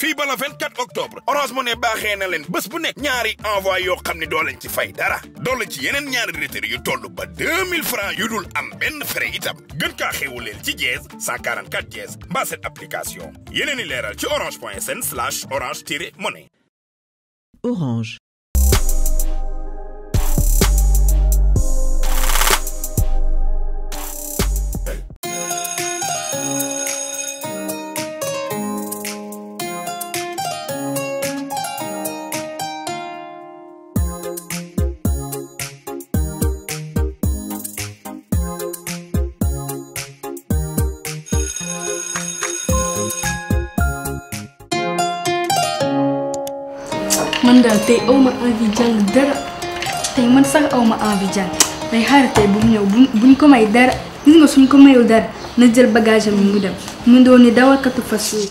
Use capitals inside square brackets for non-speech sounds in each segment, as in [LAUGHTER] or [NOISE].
fii ba la 24 octobre Orange Money baaxee na leen bés bu nekk ñaari envoi yoo xam ne doo leen ci fay dara dolli ci yeneen ñaari retrait yu toll ba 2000 francs yu dul am benn frais itam gën kaa xewuleel ci jeez 144 jeez mbaa seen application yeneen i leeral ci orange point sn slash orange tiré money orange man daal tey aw ma envie jàng dara tey man sax aw ma envie jàng day xaar tey bu mu ñëw buñ ko may dara gis nga suñ ko mayul dara na jël bagage am mu dem mu doon ni dawalkatu fas yi.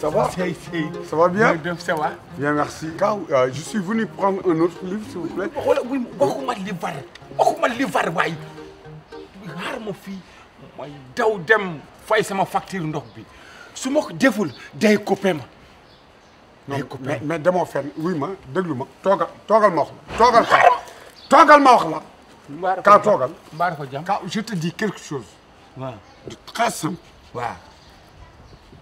Ça va c'est, c'est. Ça va bien ça va. Bien, merci. Kaw, euh, je suis venu prendre un autre livre s'il vous plaît. waxuma livre ma li var waay xaar ma fii mooy daw dem fay sama facture ndox bi su ma ko deful day coupé ma. day coupé mais mais demoo fenn ma déglu ma toogal toogal ma wax toogal fa toogal ma toogal mbaara ko jàmm kaw je te quelque chose. waaw de très simple. waaw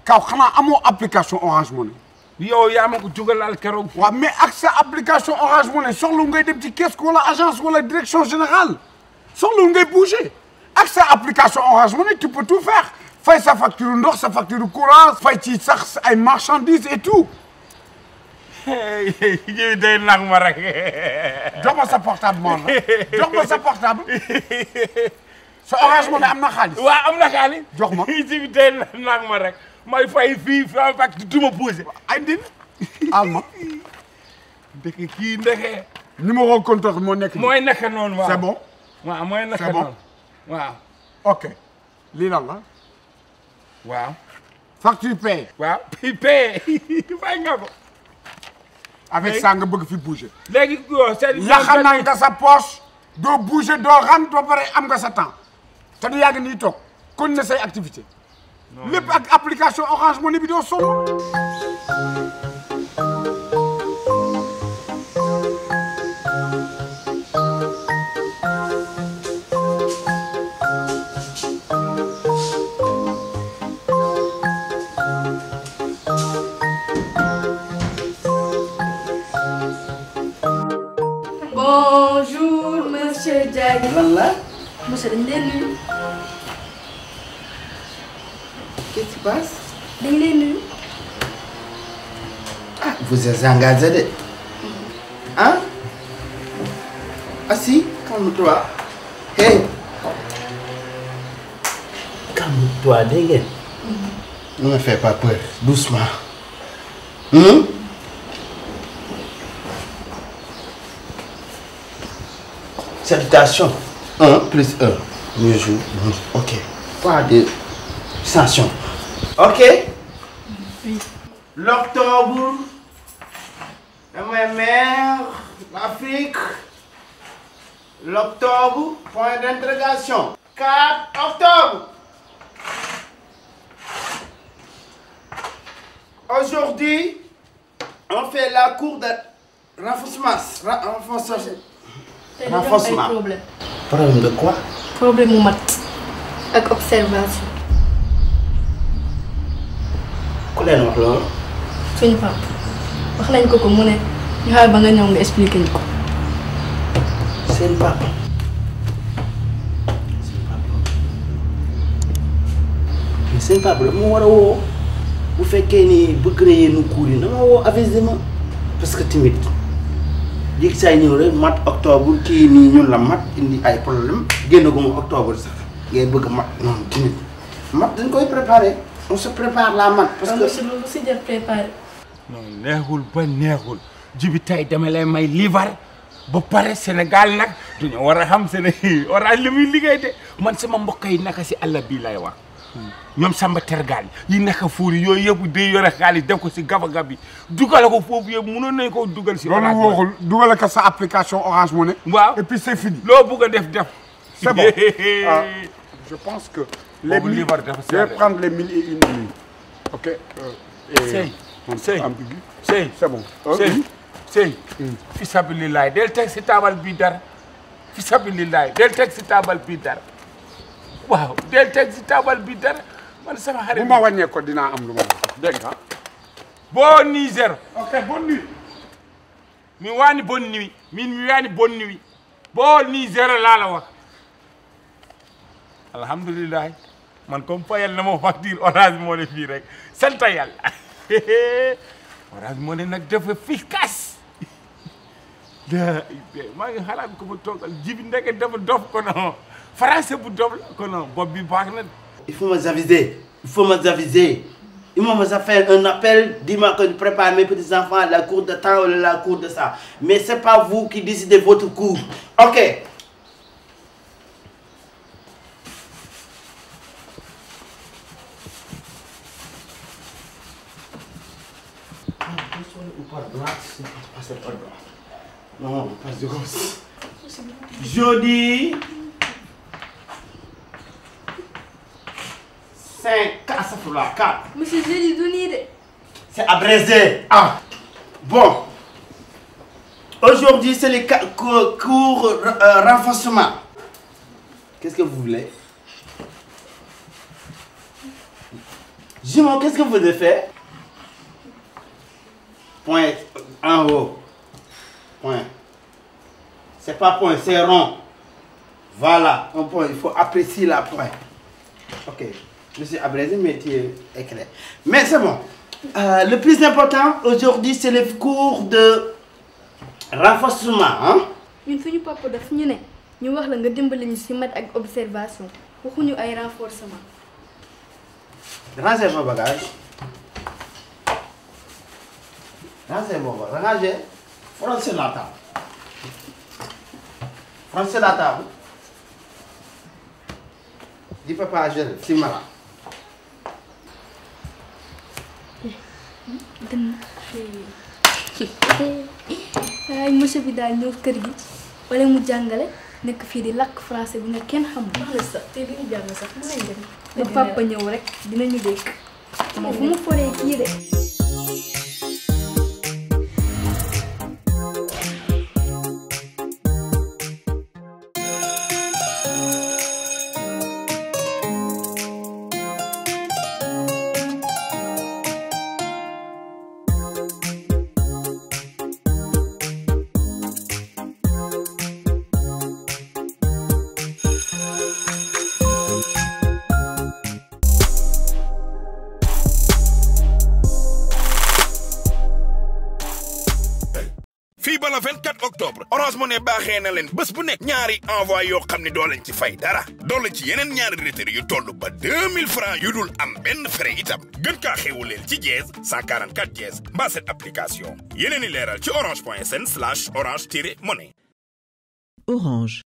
kaw xanaa amoo application Orange Money. yow yaa ma ko jógalaal keroog. waaw mais ak sa application orange money soxlu ngay dem ci caisse wala agence wala direction générale soxlu ngay bouger ak sa application orange money tu peux tout faire fay sa facture ndox sa facture courant fay ci sax ay marchandises et tout. jiw day nag sa portable moom sa portable. [LAUGHS] sa orange money am na xaalis. waaw am na xaalis. jox ma [LAUGHS] ci tey nag ma rek may fay fii fa fak du ma posé. andil al ma. ndeke kii ndeke. numéro compte moo nekk. mooy nekk noonu waaw c'est bon. waaw mooy nekk noonu waaw. ok lii lan la. waaw. facture paye. waaw paye [LAUGHS] fay nga ko. avec ça nga bëgg fi bouger. léegi yow oh, seen. yaxanal nga sa poche doo bouger doo ran doo pare am nga sa temps. te du yàgg nii toog kon ne say application Orange Money bi doo sonn. Bonjour monsieur Diagne. man la monsieur dañ qu'est-ce qui se passe. dañ lay nuyu. Ah, de. ah. assis calme-toi. hey. calme-toi dégg ngeen. ne me fais pas peur doucement. Hum? Salutations. Un plus un. Mieux jour. de sanction. Ok Oui. L'octobre, ma mère, l'Afrique, l'octobre, point d'interrogation. 4 octobre. Aujourd'hui, on fait la cour de renforcement. Renforcement. Problème de quoi Problème mu maths ak ku leen wax loolu. suñu pap wax nañ ko ko mu ne ñu ba nga ñëw nga expliqué ñu ko. seen pap la ma war a woo bu fekkee ni bëgg na yenn cours yi dama woo parce que timit yéeg saa ñëw rek mat octobre kii nii ñun la mat indi ay problème génn gu ma sax ngay bëgg mat noonu timit mat dañ koy préparé. on se prépare la man. parce ah, si jël neexul ba neexul jibi tay dama lay may liibar ba pare Sénégal nag duñu war a xam Sénégal [LAUGHS] orange li muy liggéey de man sama mbokk yi naka si àll bii lay wax. ñoom Samba tergaal yi naka fuuri yooyu yëpp day yore xaalis def ko si gabagab bi dugal ko foofu yëpp mënoon nañ ko dugal si. orange loolu waxul dugal sa application orange money. waaw et loo bugg a def def. c'est [LAUGHS] ah. je pense que. les mille je et une nuits. ok. sëy sëy sëy c'est bon. Euh, fi sabilillaay del teg si taabal bii dara. fi sabilillaay del taabal bii dara. waaw del teg si taabal bii dar man sama xarit. bu ma dinaa am lu ma dégg nga. alhamdulilah man comme fayal na ma facture orange moo ne fii rek sant yàlla [LAUGHS] nag dafa efficace [LAUGHS] maa ngi xalaat ko mu toogal jibi ndeke dafa dof kono français bu dof la kono bopp bi baax na il faut nous aviser il faut nous aviser ils vont me faire un appel dis-moi que je prépare la cour de temps ou à la cour de ça mais c'est pas vous qui décidez votre cours ok Non, passe de grosse. Jeudi 5 4 4. Monsieur, jeudi donné. C'est abrégé. Ah. Bon. Aujourd'hui, c'est les cours, euh, renforcement. Qu'est-ce que vous voulez? Jimon, qu'est-ce que vous voulez faire? point en haut. Point. C'est pas point, c'est rond. Voilà, un point. Il faut apprécier la pointe. Ok. Je suis abrégé, mais Mais c'est bon. Euh, le plus important aujourd'hui, c'est le cours de renforcement. Hein? ñun suñu papa daf ñu ne ñu wax la nga dimbali ñu ci mat ak observation waxuñu ay renforcement. renseignement bagage. ranger boobu ranger français la table français bi daal ñëw kër gi wala mu jàngale nekk fii di làkk français bi nga kenn xam wax sax te ñëw rek dinañu dégg. moom fu mu foree kii de. le 24 octobre orange money baaxee na leen bés bu nekk ñaari envoi yoo xam ne doo leen ci fay dara doole ci yeneen ñaari retrait yu toll ba 2000 francs yu dul am benn frais itam gën kaa xewuleel ci jeez 144 jeez mbaa seen application yeneen i leeral ci orange point sn slash orange tiré money orange